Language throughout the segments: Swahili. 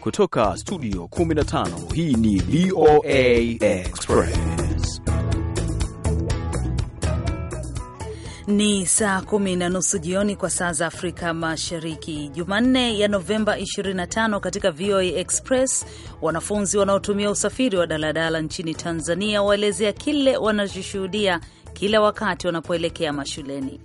Kutoka studio 15 hii ni VOA Express. Ni saa kumi na nusu jioni kwa saa za Afrika Mashariki, Jumanne ya Novemba 25. Katika VOA Express, wanafunzi wanaotumia usafiri wa daladala nchini Tanzania waelezea kile wanachoshuhudia kila wakati wanapoelekea mashuleni.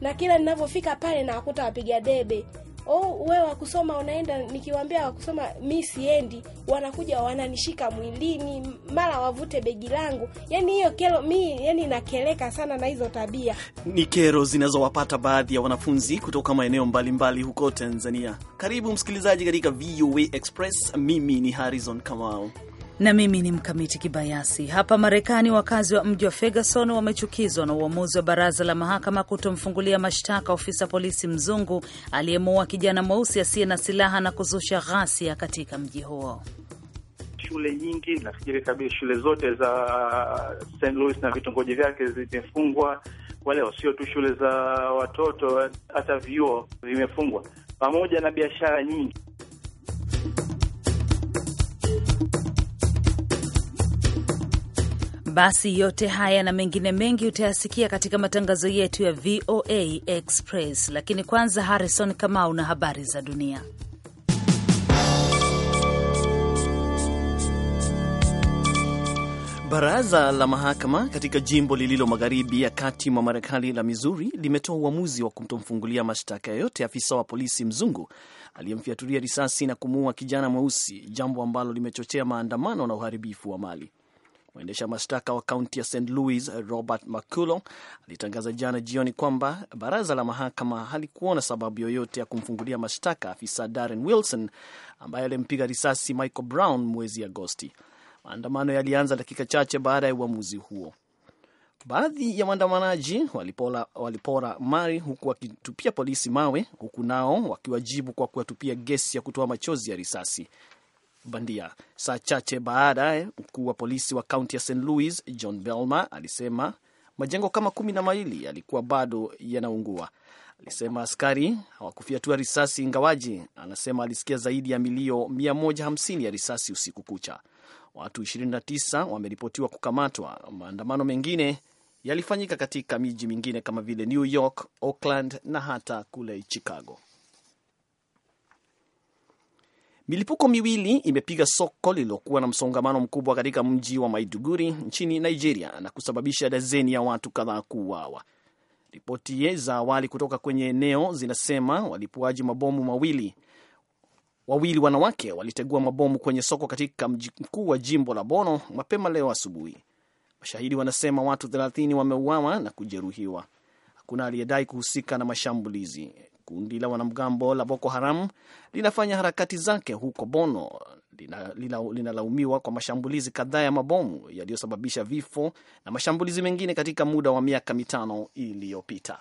Na kila ninavyofika pale nawakuta wapiga debe oh, we wakusoma unaenda? Nikiwaambia wakusoma mi siendi, wanakuja wananishika mwilini, mara wavute begi langu. Yani hiyo kero mi, yani nakeleka sana na hizo tabia. Ni kero zinazowapata baadhi ya wanafunzi kutoka maeneo mbalimbali huko Tanzania. Karibu msikilizaji katika VOA Express. Mimi ni Harrison Kamau na mimi ni Mkamiti Kibayasi. Hapa Marekani, wakazi wa mji wa Ferguson wamechukizwa na uamuzi wa baraza la mahakama kutomfungulia mashtaka ofisa polisi mzungu aliyemuua kijana mweusi asiye na silaha na kuzusha ghasia katika mji huo. Shule nyingi nafikiri kabisa, shule zote za uh, St Louis na vitongoji vyake zimefungwa, wale wasio tu shule za watoto, hata vyuo vimefungwa, pamoja na biashara nyingi. Basi yote haya na mengine mengi utayasikia katika matangazo yetu ya VOA Express, lakini kwanza, Harrison Kamau na habari za dunia. Baraza la mahakama katika jimbo lililo magharibi ya kati mwa Marekani la Missouri limetoa uamuzi wa kumtomfungulia mashtaka yoyote afisa wa polisi mzungu aliyemfiaturia risasi na kumuua kijana mweusi, jambo ambalo limechochea maandamano na uharibifu wa mali. Mwendesha mashtaka wa kaunti ya St Louis Robert Maculo alitangaza jana jioni kwamba baraza la mahakama halikuona sababu yoyote ya kumfungulia mashtaka afisa Darren Wilson ambaye alimpiga risasi Michael Brown mwezi Agosti. Maandamano yalianza dakika chache baada ya uamuzi huo. Baadhi ya waandamanaji walipora, walipora mali huku wakitupia polisi mawe, huku nao wakiwajibu kwa kuwatupia gesi ya kutoa machozi ya risasi bandia. Saa chache baadaye, mkuu wa polisi wa kaunti ya St Louis John Belma alisema majengo kama kumi na mawili yalikuwa bado yanaungua. Alisema askari hawakufyatua risasi, ingawaji anasema alisikia zaidi ya milio 150 ya risasi usiku kucha. Watu 29 wameripotiwa kukamatwa. Maandamano mengine yalifanyika katika miji mingine kama vile New York, Oakland na hata kule Chicago. Milipuko miwili imepiga soko lililokuwa na msongamano mkubwa katika mji wa Maiduguri nchini Nigeria na kusababisha dazeni ya watu kadhaa kuuawa. Ripoti za awali kutoka kwenye eneo zinasema walipuaji mabomu mawili wawili wanawake walitegua mabomu kwenye soko katika mji mkuu wa jimbo la Bono mapema leo asubuhi. Mashahidi wanasema watu 30 wameuawa na kujeruhiwa. Hakuna aliyedai kuhusika na mashambulizi. Kundi la wanamgambo la Boko Haram linafanya harakati zake huko Bono linalaumiwa kwa mashambulizi kadhaa ya mabomu yaliyosababisha vifo na mashambulizi mengine katika muda wa miaka mitano iliyopita.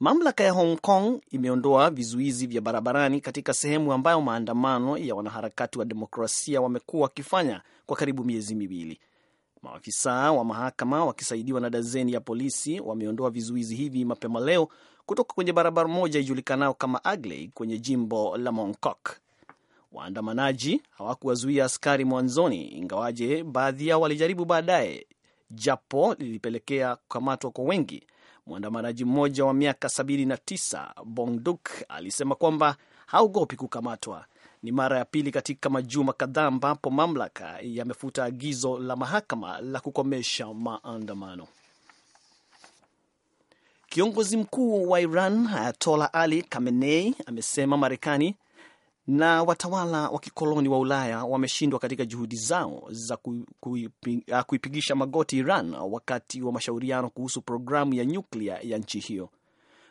Mamlaka ya Hong Kong imeondoa vizuizi vya barabarani katika sehemu ambayo maandamano ya wanaharakati wa demokrasia wamekuwa wakifanya kwa karibu miezi miwili. Maafisa wa mahakama wakisaidiwa na dazeni ya polisi wameondoa vizuizi hivi mapema leo kutoka kwenye barabara moja ijulikanao kama Agley kwenye jimbo la Mongkok. Waandamanaji hawakuwazuia askari mwanzoni, ingawaje baadhi yao walijaribu baadaye, japo lilipelekea kukamatwa kwa wengi. Mwandamanaji mmoja wa miaka 79 Bongduk alisema kwamba haogopi kukamatwa ni mara ya pili katika majuma kadhaa ambapo mamlaka yamefuta agizo la mahakama la kukomesha maandamano. Kiongozi mkuu wa Iran Ayatola Ali Khamenei amesema Marekani na watawala wa kikoloni wa Ulaya wameshindwa katika juhudi zao za kuipigisha magoti Iran wakati wa mashauriano kuhusu programu ya nyuklia ya nchi hiyo.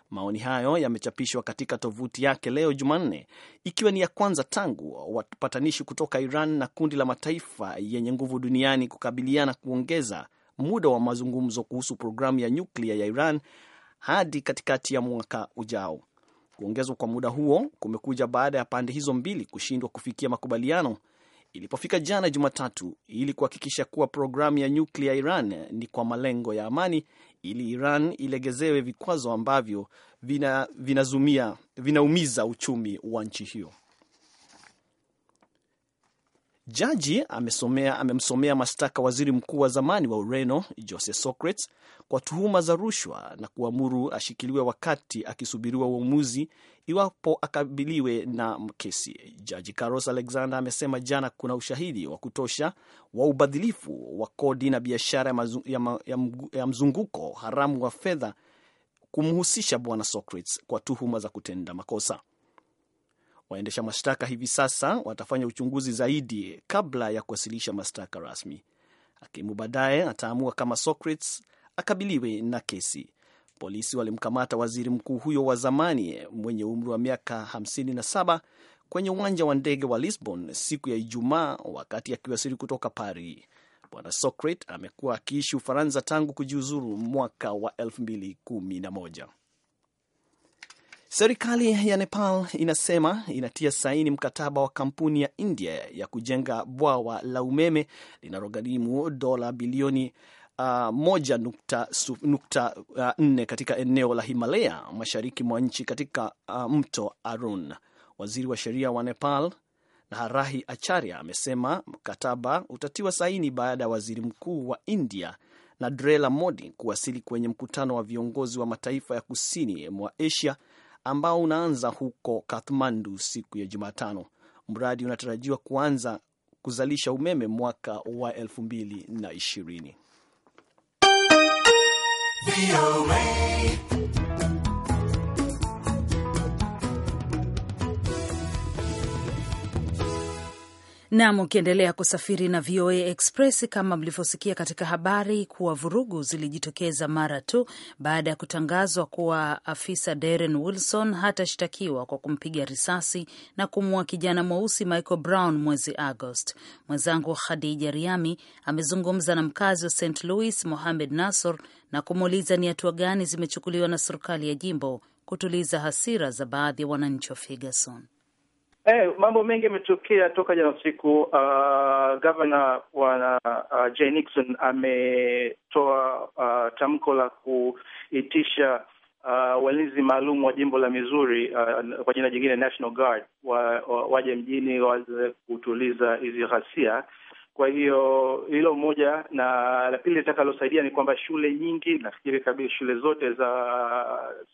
Maoni hayo yamechapishwa katika tovuti yake leo Jumanne, ikiwa ni ya kwanza tangu wapatanishi kutoka Iran na kundi la mataifa yenye nguvu duniani kukabiliana kuongeza muda wa mazungumzo kuhusu programu ya nyuklia ya Iran hadi katikati ya mwaka ujao. Kuongezwa kwa muda huo kumekuja baada ya pande hizo mbili kushindwa kufikia makubaliano ilipofika jana Jumatatu ili kuhakikisha kuwa programu ya nyuklia ya Iran ni kwa malengo ya amani ili Iran ilegezewe vikwazo ambavyo vinaumiza vina vina uchumi wa nchi hiyo. Jaji amesomea, amemsomea mashtaka waziri mkuu wa zamani wa Ureno Jose Socrates kwa tuhuma za rushwa na kuamuru ashikiliwe wakati akisubiriwa uamuzi iwapo akabiliwe na kesi. Jaji Carlos Alexander amesema jana kuna ushahidi wa kutosha wa ubadhilifu wa kodi na biashara ya, ya, ya, ya mzunguko haramu wa fedha kumhusisha bwana Socrates kwa tuhuma za kutenda makosa. Waendesha mashtaka hivi sasa watafanya uchunguzi zaidi kabla ya kuwasilisha mashtaka rasmi. Hakimu baadaye ataamua kama Socrates akabiliwe na kesi. Polisi walimkamata waziri mkuu huyo wa zamani mwenye umri wa miaka 57 kwenye uwanja wa ndege wa Lisbon siku ya Ijumaa wakati akiwasili kutoka Paris. Bwana Socrates amekuwa akiishi Ufaransa tangu kujiuzuru mwaka wa 2011. Serikali ya Nepal inasema inatia saini mkataba wa kampuni ya India ya kujenga bwawa la umeme linalogharimu dola bilioni uh, nukta uh, katika eneo la Himalaya mashariki mwa nchi katika uh, mto Arun. Waziri wa sheria wa Nepal Naharahi Acharya amesema mkataba utatiwa saini baada ya waziri mkuu wa India Narendra Modi kuwasili kwenye mkutano wa viongozi wa mataifa ya kusini mwa Asia ambao unaanza huko Kathmandu siku ya Jumatano. Mradi unatarajiwa kuanza kuzalisha umeme mwaka wa 2020. Nam, ukiendelea kusafiri na VOA Express, kama mlivyosikia katika habari kuwa vurugu zilijitokeza mara tu baada ya kutangazwa kuwa afisa Darren Wilson hatashtakiwa kwa kumpiga risasi na kumua kijana mweusi Michael Brown mwezi Agost. Mwenzangu Khadija Riami amezungumza na mkazi wa St Louis Mohamed Nassor na kumuuliza ni hatua gani zimechukuliwa na serikali ya jimbo kutuliza hasira za baadhi ya wananchi wa Ferguson. Eh, mambo mengi yametokea toka jana usiku. Uh, gavana bwana uh, Jay Nixon ametoa uh, tamko la kuitisha uh, walinzi maalum wa jimbo la Missouri uh, kwa jina jingine National Guard wa, wa, waje mjini waweze kutuliza hizi ghasia. Kwa hiyo hilo moja, na la pili litakalosaidia ni kwamba shule nyingi, nafikiri kabisa shule zote za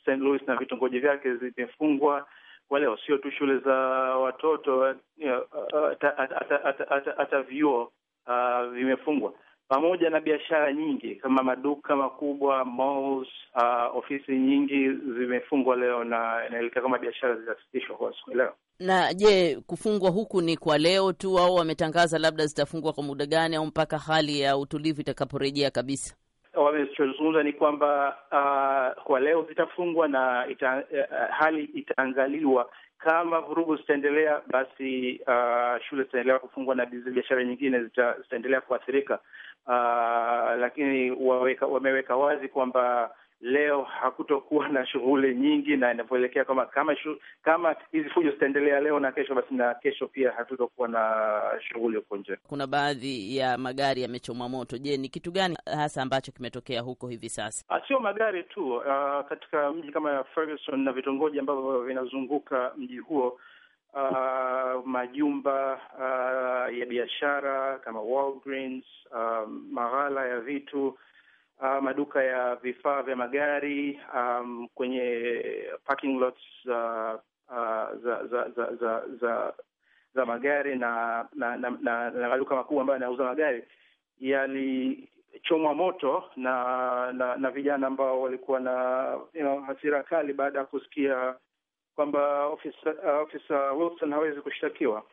St. Louis na vitongoji vyake zimefungwa wale wasio tu shule za watoto hata eh, eh, eh, vyuo ah, vimefungwa, pamoja na biashara nyingi kama maduka makubwa malls, uh, ofisi nyingi zimefungwa leo, na inaelekea kama biashara zitasitishwa kwa siku leo. Na je, kufungwa huku ni kwa leo tu au wametangaza labda zitafungwa kwa muda gani au mpaka hali ya utulivu itakaporejea kabisa? wamezungumza ni kwamba uh, kwa leo zitafungwa na ita, uh, hali itaangaliwa. Kama vurugu zitaendelea, basi uh, shule zitaendelea kufungwa na biashara nyingine zitaendelea kuathirika, uh, lakini waweka, wameweka wazi kwamba leo hakutokuwa na shughuli nyingi, na inavyoelekea kama kama shu, kama hizi fujo zitaendelea leo na kesho, basi na kesho pia hatutokuwa na shughuli huko nje. Kuna baadhi ya magari yamechomwa moto. Je, ni kitu gani hasa ambacho kimetokea huko hivi sasa? Ah, sio magari tu, uh, katika mji kama Ferguson na vitongoji ambavyo vinazunguka mji huo Uh, majumba uh, ya biashara kama Walgreens, uh, maghala ya vitu uh, maduka ya vifaa vya magari um, kwenye parking lots uh, uh, za, za, za, za, za za magari na na, na, na, na maduka makubwa ambayo yanauza magari yalichomwa moto na na, na vijana ambao walikuwa na you know, hasira kali baada ya kusikia kwamba ofisa, uh, ofisa Wilson hawezi kushtakiwa.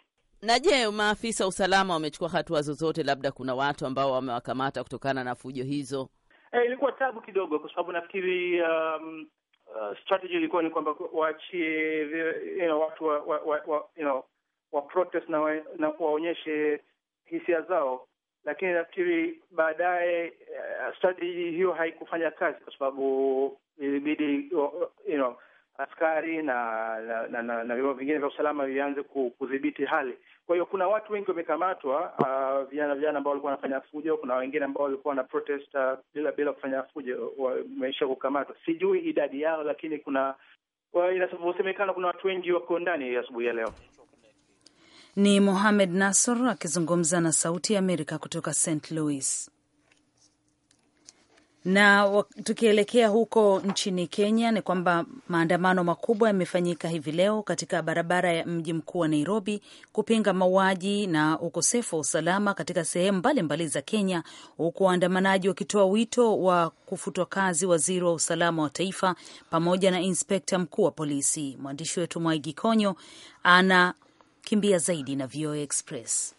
Na je, maafisa usalama wamechukua hatua zozote? Labda kuna watu ambao wamewakamata kutokana na fujo hizo? Eh, ilikuwa tabu kidogo kwa sababu nafikiri um, uh, strategy ilikuwa ni kwamba waachie you know, watu wa, wa, wa, wa, you know, wa protest na, wa, na waonyeshe hisia zao, lakini nafikiri baadaye uh, strategy hiyo haikufanya kazi kwa sababu ilibidi uh, you know, askari na na, na, na, na vyombo vingine vya usalama vianze kudhibiti hali. Kwa hiyo kuna watu wengi wamekamatwa, uh, vijana vijana ambao walikuwa wanafanya fujo. Kuna wengine ambao walikuwa wana protest uh, bila bila kufanya fujo wameisha kukamatwa, sijui idadi yao, lakini kuna inasemekana kuna watu wengi wako ndani asubuhi ya leo. Ni Mohamed Nasr akizungumza na Sauti ya Amerika kutoka St Louis. Na tukielekea huko nchini Kenya ni kwamba maandamano makubwa yamefanyika hivi leo katika barabara ya mji mkuu wa Nairobi kupinga mauaji na ukosefu wa usalama katika sehemu mbalimbali za Kenya, huku waandamanaji wakitoa wito wa kufutwa kazi waziri wa usalama wa taifa pamoja na inspekta mkuu wa polisi. Mwandishi wetu Mwaigi Konyo ana kimbia zaidi na VOA Express.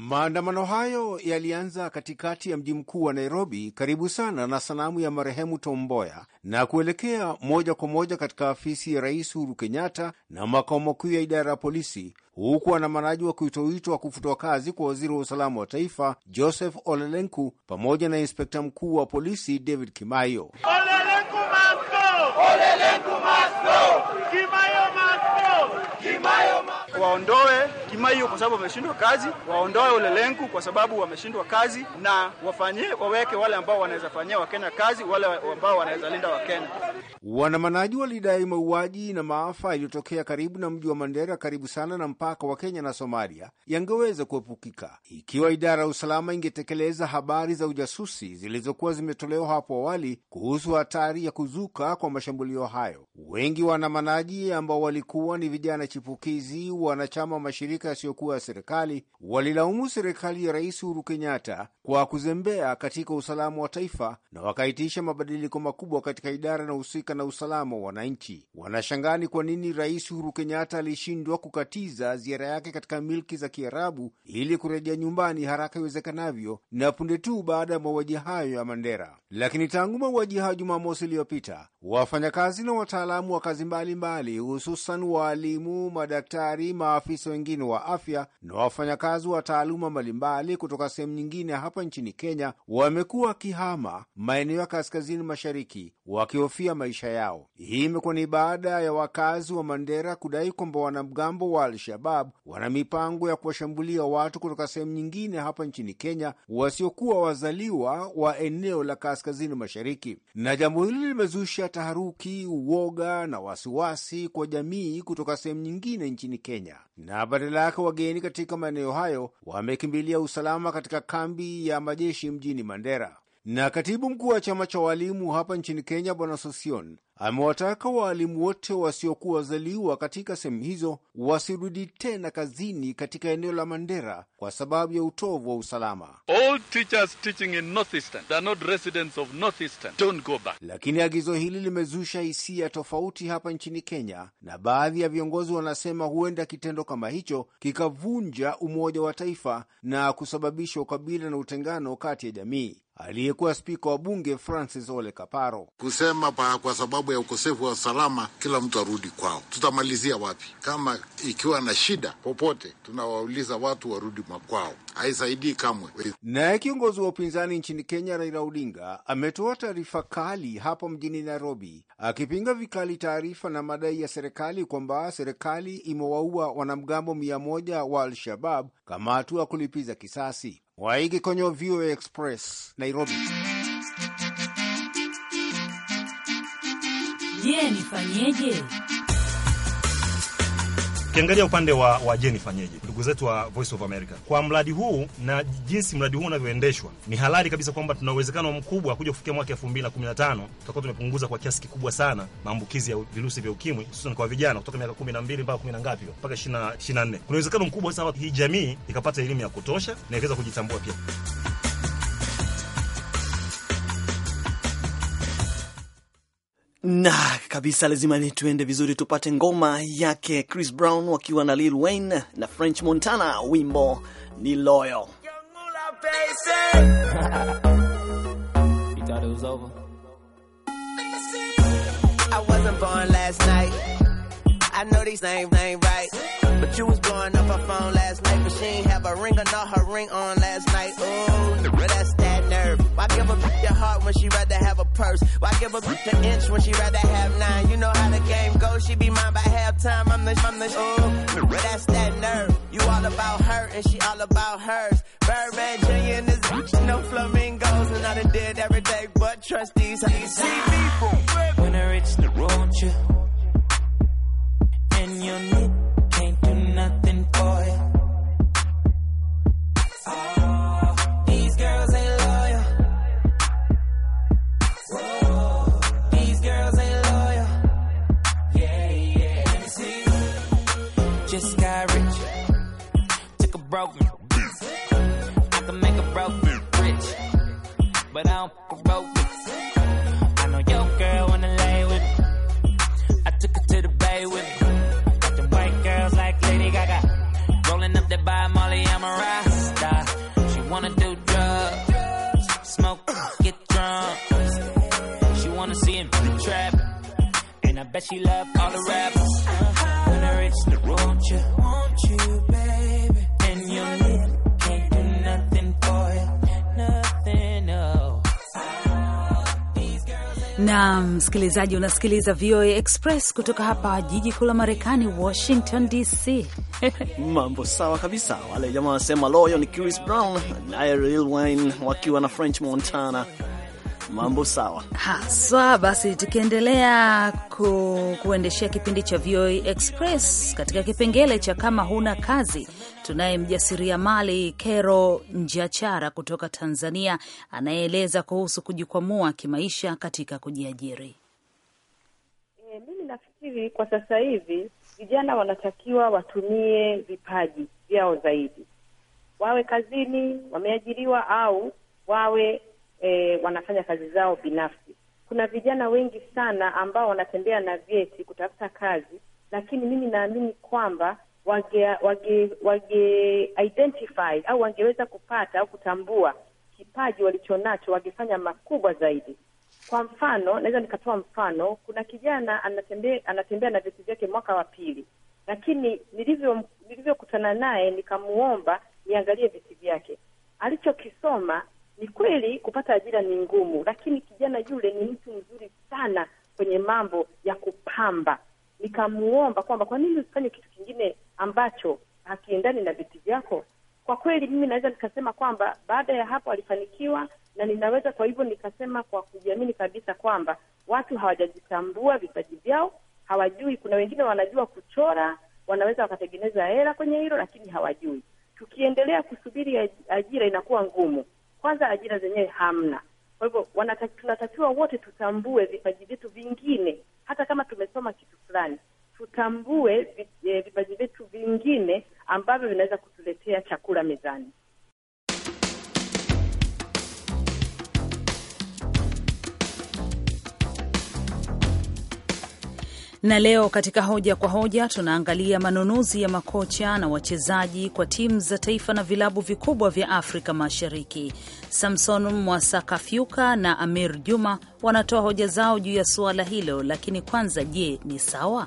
Maandamano hayo yalianza katikati ya mji mkuu wa Nairobi, karibu sana na sanamu ya marehemu Tom Mboya, na kuelekea moja kwa moja katika afisi ya Rais Uhuru Kenyatta na makao makuu ya idara ya polisi, huku waandamanaji wa wito wa kufutwa kazi kwa waziri wa usalama wa taifa Joseph olelenku pamoja na inspekta mkuu wa polisi David kimayo Olelenku masko! Olelenku masko! waondoe kima hiyo kwa sababu wameshindwa kazi, waondoe ulelengu kwa sababu wameshindwa kazi, na wafanyie waweke wale ambao wanaweza fanyia Wakenya kazi, wale ambao wanaweza linda Wakenya. Waandamanaji walidai mauaji na maafa yaliyotokea karibu na mji wa Mandera, karibu sana na mpaka wa Kenya na Somalia, yangeweza kuepukika ikiwa idara ya usalama ingetekeleza habari za ujasusi zilizokuwa zimetolewa hapo awali kuhusu hatari ya kuzuka kwa mashambulio hayo. Wengi wa waandamanaji ambao walikuwa ni vijana chipukizi wa wanachama wa mashirika yasiyokuwa ya serikali walilaumu serikali ya Rais Uhuru Kenyatta kwa kuzembea katika usalama wa taifa na wakaitisha mabadiliko makubwa katika idara inayohusika na usalama wa wananchi. wanashangani kwa nini Rais Uhuru Kenyatta alishindwa kukatiza ziara yake katika milki za Kiarabu ili kurejea nyumbani haraka iwezekanavyo na punde tu baada ya mauaji hayo ya Mandera. Lakini tangu mauaji hayo Jumamosi iliyopita, wafanyakazi na wataalamu wa kazi mbalimbali, hususan waalimu, madaktari maafisa wengine wa afya na wafanyakazi wa taaluma mbalimbali kutoka sehemu nyingine hapa nchini Kenya wamekuwa wakihama maeneo ya kaskazini mashariki wakihofia maisha yao. Hii imekuwa ni baada ya wakazi wa Mandera kudai kwamba wanamgambo wa Al-Shabab wana mipango ya kuwashambulia watu kutoka sehemu nyingine hapa nchini Kenya wasiokuwa wazaliwa wa eneo la kaskazini mashariki, na jambo hili limezusha taharuki, uoga na wasiwasi kwa jamii kutoka sehemu nyingine nchini Kenya. Kenya, na badala yake wageni katika maeneo hayo wamekimbilia usalama katika kambi ya majeshi mjini Mandera. Na katibu mkuu wa chama cha walimu hapa nchini Kenya, Bwana Sosion amewataka waalimu wote wasiokuwa wazaliwa katika sehemu hizo wasirudi tena kazini katika eneo la Mandera kwa sababu ya utovu wa usalama. All teachers teaching in northeastern they are not residents of northeastern don't go back. Lakini agizo hili limezusha hisia tofauti hapa nchini Kenya, na baadhi ya viongozi wanasema huenda kitendo kama hicho kikavunja umoja wa taifa na kusababisha ukabila na utengano kati ya jamii. Aliyekuwa spika wa bunge Francis Ole Kaparo kusema pa, kwa sababu sababu ya ukosefu wa usalama, kila mtu arudi kwao. Tutamalizia wapi kama ikiwa na shida popote tunawauliza watu warudi makwao? Haisaidii kamwe. Naye kiongozi wa upinzani nchini Kenya Raila Odinga ametoa taarifa kali hapo mjini Nairobi, akipinga vikali taarifa na madai ya serikali kwamba serikali imewaua wanamgambo mia moja wa Al-Shabab kama hatua kulipiza kisasi. Waigi kwenye VOA Express, Nairobi. Je, nifanyeje? Ukiangalia upande wa, wa jeni fanyeje, ndugu zetu wa Voice of America, kwa mradi huu na jinsi mradi huu unavyoendeshwa, ni halali kabisa kwamba tuna uwezekano mkubwa kuja kufikia mwaka tano tutakuwa tumepunguza kwa kiasi kikubwa sana maambukizi ya virusi vya ukimwi, hususan kwa vijana kutoka miaka 12 mpaka kumi na ngapi mpaka nne. Kuna uwezekano mkubwa sana hii jamii ikapata elimu ya kutosha na ikaweza kujitambua pia. na kabisa, lazima ni tuende vizuri, tupate ngoma yake Chris Brown wakiwa na Lil Wayne na French Montana, wimbo ni Loyal. I know these names ain't right. She was blowing up her phone last night, but she ain't have a ring or not her ring on last night. Ooh, well, that's that nerve. Why give a bitch your heart when she rather have a purse? Why give a bitch an inch when she rather have nine? You know how the game goes, she be mine by halftime. I'm the, I'm the, ooh, well, that's that nerve. You all about her and she all about hers. Birdman Jr. and this bitch, no flamingos, and I done did every day, but trust these you see me from When I reach the road, you. na msikilizaji, unasikiliza VOA Express kutoka hapa jiji kuu la Marekani, Washington DC. Mambo sawa kabisa. Wale jamaa wanasema loyo ni Chris Brown naye Lil Wayne wakiwa na French Montana mambo sawa haswa. Basi tukiendelea ku, kuendeshea kipindi cha VOA e Express katika kipengele cha kama huna kazi, tunaye mjasiriamali Kero Njachara kutoka Tanzania anayeeleza kuhusu kujikwamua kimaisha katika kujiajiri. E, mimi nafikiri kwa sasa hivi vijana wanatakiwa watumie vipaji vyao zaidi, wawe kazini wameajiriwa au wawe e, wanafanya kazi zao binafsi. Kuna vijana wengi sana ambao wanatembea na vyeti kutafuta kazi, lakini mimi naamini kwamba wage, wage, wage identify au wangeweza kupata au kutambua kipaji walichonacho, wangefanya makubwa zaidi. Kwa mfano, naweza nikatoa mfano, kuna kijana anatembea anatembea na vyeti vyake mwaka wa pili, lakini nilivyo nilivyokutana naye nikamuomba niangalie vyeti vyake alichokisoma ni kweli kupata ajira ni ngumu, lakini kijana yule ni mtu mzuri sana kwenye mambo ya kupamba. Nikamuomba kwamba kwa nini usifanye kitu kingine ambacho hakiendani na viti vyako. Kwa kweli mimi naweza nikasema kwamba baada ya hapo alifanikiwa, na ninaweza kwa hivyo nikasema kwa kujiamini kabisa kwamba watu hawajajitambua vipaji vyao, hawajui. Kuna wengine wanajua kuchora, wanaweza wakatengeneza hela kwenye hilo, lakini hawajui. Tukiendelea kusubiri ajira inakuwa ngumu kwanza ajira zenyewe hamna. Kwa hivyo tunatakiwa wote tutambue vipaji vyetu vingine, hata kama tumesoma kitu fulani, tutambue eh, vipaji vyetu vingine ambavyo vinaweza kutuletea chakula mezani. Na leo katika hoja kwa hoja tunaangalia manunuzi ya makocha na wachezaji kwa timu za taifa na vilabu vikubwa vya Afrika Mashariki. Samson Mwasakafyuka na Amir Juma wanatoa hoja zao juu ya suala hilo, lakini kwanza, je, ni sawa?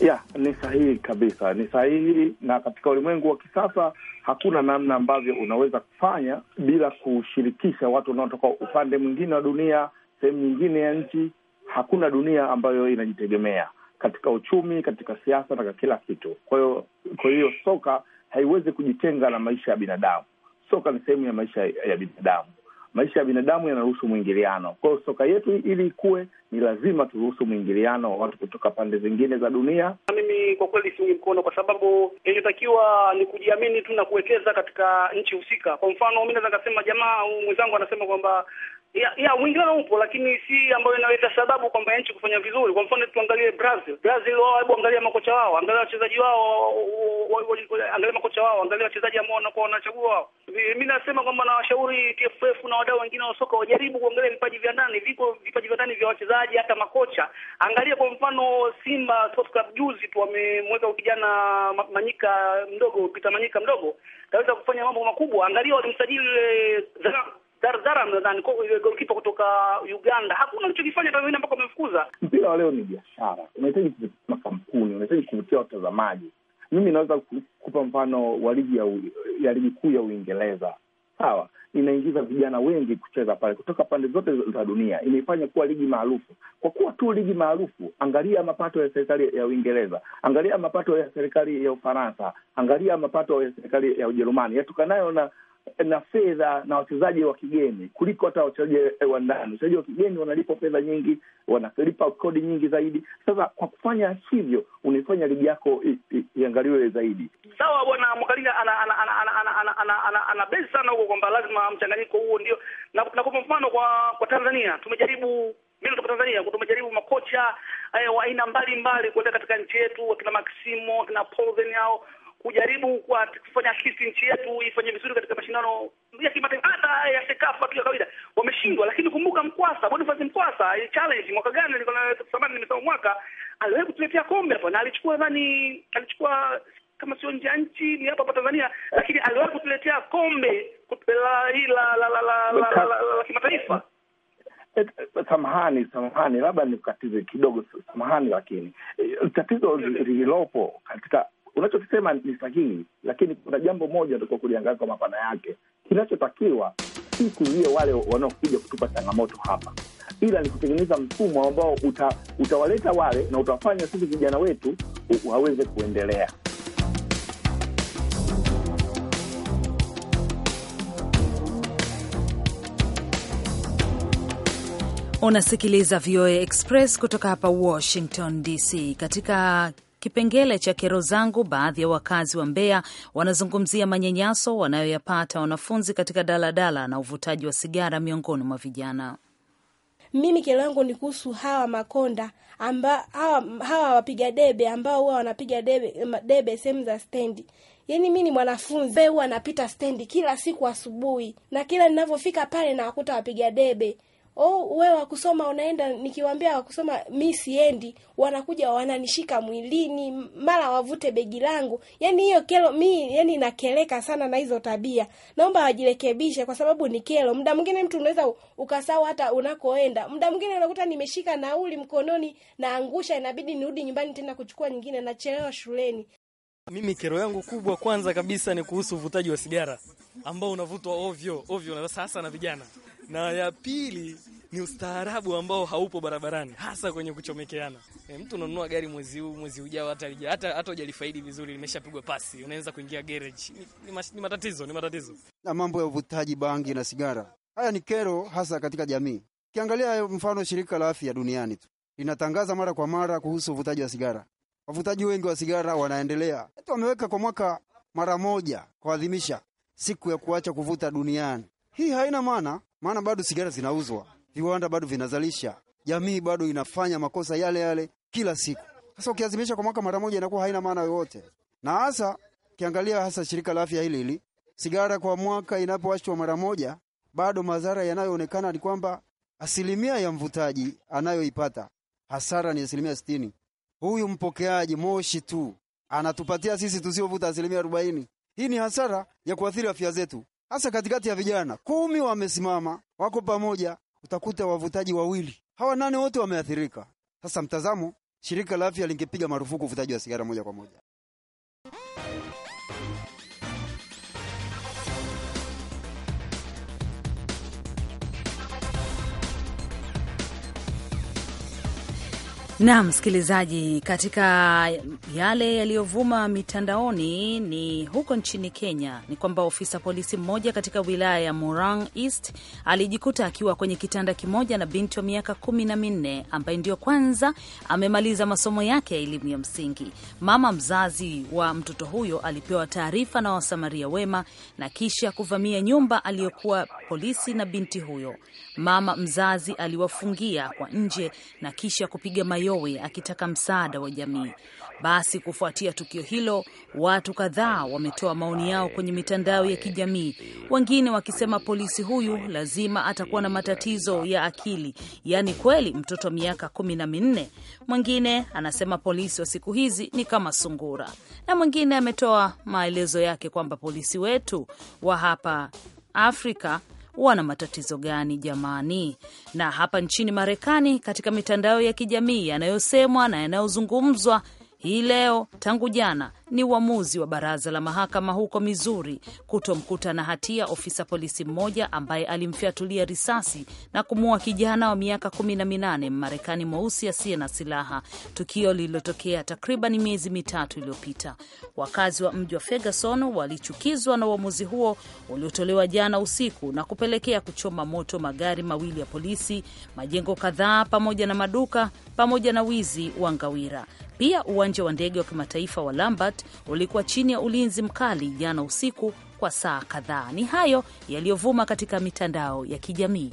Ya, ni sahihi kabisa, ni sahihi. Na katika ulimwengu wa kisasa hakuna namna ambavyo unaweza kufanya bila kushirikisha watu wanaotoka upande mwingine wa dunia, sehemu nyingine ya nchi hakuna dunia ambayo inajitegemea katika uchumi, katika siasa na kila kitu. Kwa hiyo kwa hiyo soka haiwezi kujitenga na maisha ya binadamu. Soka ni sehemu ya maisha ya binadamu. Maisha ya binadamu yanaruhusu mwingiliano. Kwa hiyo soka yetu ili ikuwe ni lazima turuhusu mwingiliano wa watu kutoka pande zingine za dunia. Mimi kwa kweli siungi mkono, kwa sababu inachotakiwa ni kujiamini tu na kuwekeza katika nchi husika. Kwa mfano, mi naweza nikasema jamaa mwenzangu anasema kwamba ya, ya Uingereza upo lakini si ambayo inaleta sababu kwamba nchi kufanya vizuri. Kwa mfano tuangalie Brazil. Brazil wao, hebu angalia makocha wao, angalia wachezaji wao, angalia makocha wao, angalia wachezaji ambao wanakuwa wanachagua wao. Mimi nasema kwamba nawashauri TFF na wadau wengine wa soka wajaribu kuangalia vipaji vya ndani, viko vipaji vya ndani vya wachezaji, hata makocha. Angalia kwa mfano Simba Sports Club juzi tu wamemweka kijana Manyika mdogo, Pita Manyika mdogo, kaweza kufanya mambo makubwa. Angalia walimsajili eh, Dar nadhani golkipa kutoka Uganda, hakuna alichokifanya Tanzania mpaka wamefukuza. Mpira wa leo ni biashara, unahitaji makampuni, unahitaji kuvutia watazamaji. Mimi naweza kupa mfano wa ligi ya, ya ligi kuu ya Uingereza, sawa inaingiza vijana wengi kucheza pale kutoka pande zote za dunia, imeifanya kuwa ligi maarufu. Kwa kuwa tu ligi maarufu, angalia mapato ya serikali ya Uingereza, angalia mapato ya serikali ya Ufaransa, angalia mapato ya serikali ya Ujerumani yatokanayo na na fedha na wachezaji wa kigeni kuliko hata wachezaji wa ndani. Wachezaji wa kigeni wanalipwa fedha nyingi, wanalipa kodi nyingi zaidi. Sasa kwa kufanya hivyo, unaifanya ligi yako iangaliwe zaidi. Sawa, bwana Mkalinga ana besi sana huko kwamba lazima mchanganyiko huo ndio, na kwa mfano kwa Tanzania tumejaribu mimi kutoka Tanzania tumejaribu makocha eh, wa aina mbalimbali kuenda katika nchi yetu, wakina Maximo, wakina Paul hao kujaribu kwa kufanya assist nchi yetu ifanye vizuri katika mashindano ya kimataifa hata ya Sekafa tu ya kawaida wameshindwa. Lakini kumbuka Mkwasa, Boniface Mkwasa ile eh, challenge mwaka gani nilikuwa na natamani, nimesema mwaka aliwahi kutuletea kombe hapa na alichukua nani, alichukua kama sio nje ya nchi ni hapa hapa Tanzania, lakini aliwahi kutuletea kombe la la la kimataifa. Eh, eh, samahani, samahani, labda nikukatize kidogo, samahani, lakini tatizo lililopo katika Unachokisema ni sahihi, lakini kuna jambo moja natakiwa kuliangalia kwa mapana yake. Kinachotakiwa si kuzuia wale wanaokuja kutupa changamoto hapa, ila ni kutengeneza mfumo ambao uta, utawaleta wale na utawafanya sisi vijana wetu waweze kuendelea. Unasikiliza VOA Express kutoka hapa Washington DC. Katika kipengele cha kero zangu, baadhi ya wakazi wa Mbeya wanazungumzia manyanyaso wanayoyapata wanafunzi katika daladala na uvutaji wa sigara miongoni mwa vijana. Mimi kero yangu ni kuhusu hawa makonda amba, hawa, hawa wapiga debe ambao huwa wanapiga debe, debe sehemu za stendi. Yaani mi ni mwanafunzi huwa anapita stendi kila siku asubuhi, na kila ninavyofika pale nawakuta wapiga debe oh, wewe wakusoma unaenda? Nikiwaambia wakusoma mi siendi, wanakuja wananishika mwilini, mara wavute begi langu. Yani hiyo kero mi, yani nakeleka sana na hizo tabia. Naomba wajirekebishe, kwa sababu ni kero. Muda mwingine mtu unaweza ukasahau hata unakoenda. Muda mwingine unakuta nimeshika nauli mkononi, angusha, inabidi nirudi nyumbani tena kuchukua nyingine, nachelewa shuleni. Mimi kero yangu kubwa kwanza kabisa ni kuhusu uvutaji wa sigara ambao unavutwa ovyo ovyo sasa na vijana na ya pili ni ustaarabu ambao haupo barabarani, hasa kwenye kuchomekeana. E, mtu unanunua gari mwezi huu, mwezi ujao, hata hata hujalifaidi vizuri, limeshapigwa pasi, unaweza kuingia garage. Ni, ni, ni matatizo, ni matatizo. Na mambo ya uvutaji bangi na sigara, haya ni kero hasa katika jamii. Ukiangalia mfano shirika la afya duniani tu linatangaza mara kwa mara kuhusu uvutaji wa sigara. Wavutaji wengi wa sigara wanaendelea, hata wameweka kwa mwaka mara moja kuadhimisha siku ya kuacha kuvuta duniani. Hii haina maana maana bado sigara zinauzwa, viwanda bado vinazalisha, jamii bado inafanya makosa yale yale kila siku. Sasa ukiazimisha kwa mwaka mara moja inakuwa haina maana yoyote, na hasa ukiangalia hasa shirika la afya hili hili, sigara kwa mwaka inapowashwa mara moja, bado madhara yanayoonekana ni kwamba asilimia ya mvutaji anayoipata hasara ni asilimia sitini. Huyu mpokeaji moshi tu anatupatia sisi tusiovuta asilimia arobaini. Hii ni hasara ya kuathiri afya zetu hasa katikati ya vijana kumi wamesimama wako pamoja, utakuta wavutaji wawili, hawa nane wote wameathirika. Sasa mtazamo, shirika la afya lingepiga marufuku uvutaji wa sigara moja kwa moja. Na msikilizaji, katika yale yaliyovuma mitandaoni ni huko nchini Kenya ni kwamba ofisa polisi mmoja katika wilaya ya Murang East alijikuta akiwa kwenye kitanda kimoja na binti wa miaka kumi na minne ambaye ndiyo kwanza amemaliza masomo yake ya elimu ya msingi. Mama mzazi wa mtoto huyo alipewa taarifa na wasamaria wema na kisha kuvamia nyumba aliyokuwa polisi na binti huyo. Mama mzazi aliwafungia kwa nje na kisha kupiga Mayowe akitaka msaada wa jamii. Basi kufuatia tukio hilo, watu kadhaa wametoa maoni yao kwenye mitandao ya kijamii, wengine wakisema polisi huyu lazima atakuwa na matatizo ya akili, yaani kweli mtoto wa miaka kumi na minne. Mwingine anasema polisi wa siku hizi ni kama sungura, na mwingine ametoa maelezo yake kwamba polisi wetu wa hapa Afrika wana matatizo gani jamani? Na hapa nchini Marekani, katika mitandao ya kijamii yanayosemwa na yanayozungumzwa hii leo tangu jana ni uamuzi wa baraza la mahakama huko Mizuri kutomkuta na hatia ofisa polisi mmoja ambaye alimfyatulia risasi na kumuua kijana wa miaka kumi na minane Mmarekani mweusi asiye na silaha, tukio lililotokea takriban miezi mitatu iliyopita. Wakazi wa mji wa Ferguson walichukizwa na uamuzi huo uliotolewa jana usiku na kupelekea kuchoma moto magari mawili ya polisi, majengo kadhaa, pamoja na maduka, pamoja na wizi wa ngawira. Pia uwanja wa ndege wa kimataifa wa Lambert ulikuwa chini ya ulinzi mkali jana usiku kwa saa kadhaa. Ni hayo yaliyovuma katika mitandao ya kijamii.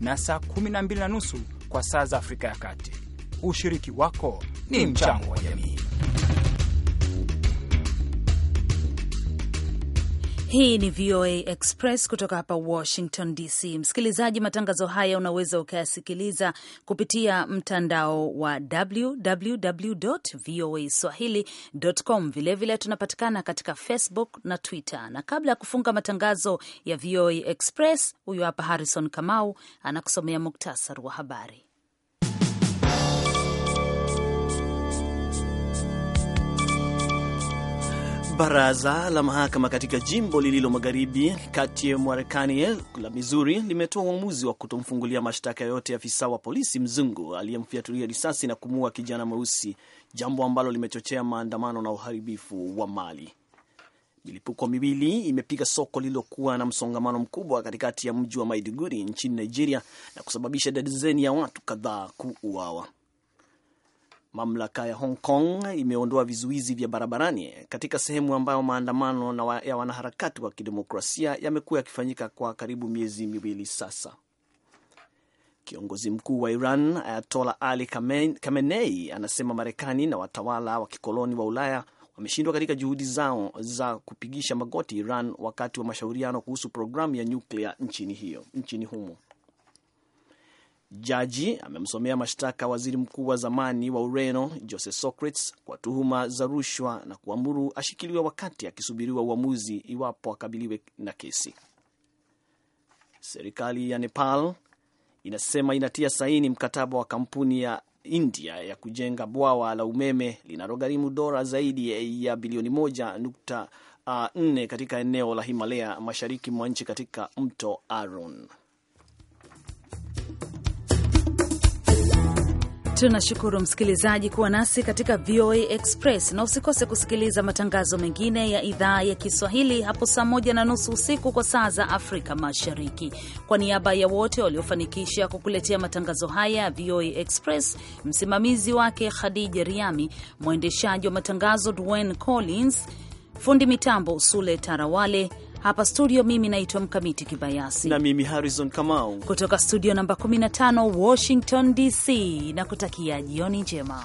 na saa 12 na nusu kwa saa za Afrika ya Kati. Ushiriki wako ni mchango wa jamii. Hii ni VOA Express kutoka hapa Washington DC. Msikilizaji, matangazo haya unaweza ukayasikiliza kupitia mtandao wa www voa swahili.com. Vilevile tunapatikana katika Facebook na Twitter. Na kabla ya kufunga matangazo ya VOA Express, huyu hapa Harrison Kamau anakusomea muktasari wa habari. Baraza la mahakama katika jimbo lililo magharibi kati ya Marekani la Missouri limetoa uamuzi wa kutomfungulia mashtaka yoyote afisa wa polisi mzungu aliyemfiatulia risasi na kumuua kijana mweusi, jambo ambalo limechochea maandamano na uharibifu wa mali. Milipuko miwili imepiga soko lililokuwa na msongamano mkubwa katikati ya mji wa Maiduguri nchini Nigeria na kusababisha dazeni ya watu kadhaa kuuawa. Mamlaka ya Hong Kong imeondoa vizuizi vya barabarani katika sehemu ambayo maandamano na wa, ya wanaharakati wa kidemokrasia yamekuwa yakifanyika kwa karibu miezi miwili sasa. Kiongozi mkuu wa Iran Ayatola Ali Khamenei anasema Marekani na watawala wa kikoloni wa Ulaya wameshindwa katika juhudi zao za kupigisha magoti Iran wakati wa mashauriano kuhusu programu ya nyuklia nchini hiyo nchini humo. Jaji amemsomea mashtaka waziri mkuu wa zamani wa Ureno Jose Socrates kwa tuhuma za rushwa na kuamuru ashikiliwe wakati akisubiriwa uamuzi iwapo akabiliwe na kesi. Serikali ya Nepal inasema inatia saini mkataba wa kampuni ya India ya kujenga bwawa la umeme linalogharimu dola zaidi ya bilioni moja nukta ah, nne katika eneo la Himalaya mashariki mwa nchi katika mto Aron. Tunashukuru msikilizaji kuwa nasi katika VOA Express, na usikose kusikiliza matangazo mengine ya idhaa ya Kiswahili hapo saa moja na nusu usiku kwa saa za Afrika Mashariki. Kwa niaba ya wote waliofanikisha kukuletea matangazo haya ya VOA Express, msimamizi wake Khadija Riami, mwendeshaji wa matangazo Dwayne Collins, fundi mitambo Sule Tarawale hapa studio mimi naitwa Mkamiti Kibayasi na mimi Harrison Kamau kutoka studio namba 15 Washington DC, na kutakia jioni njema.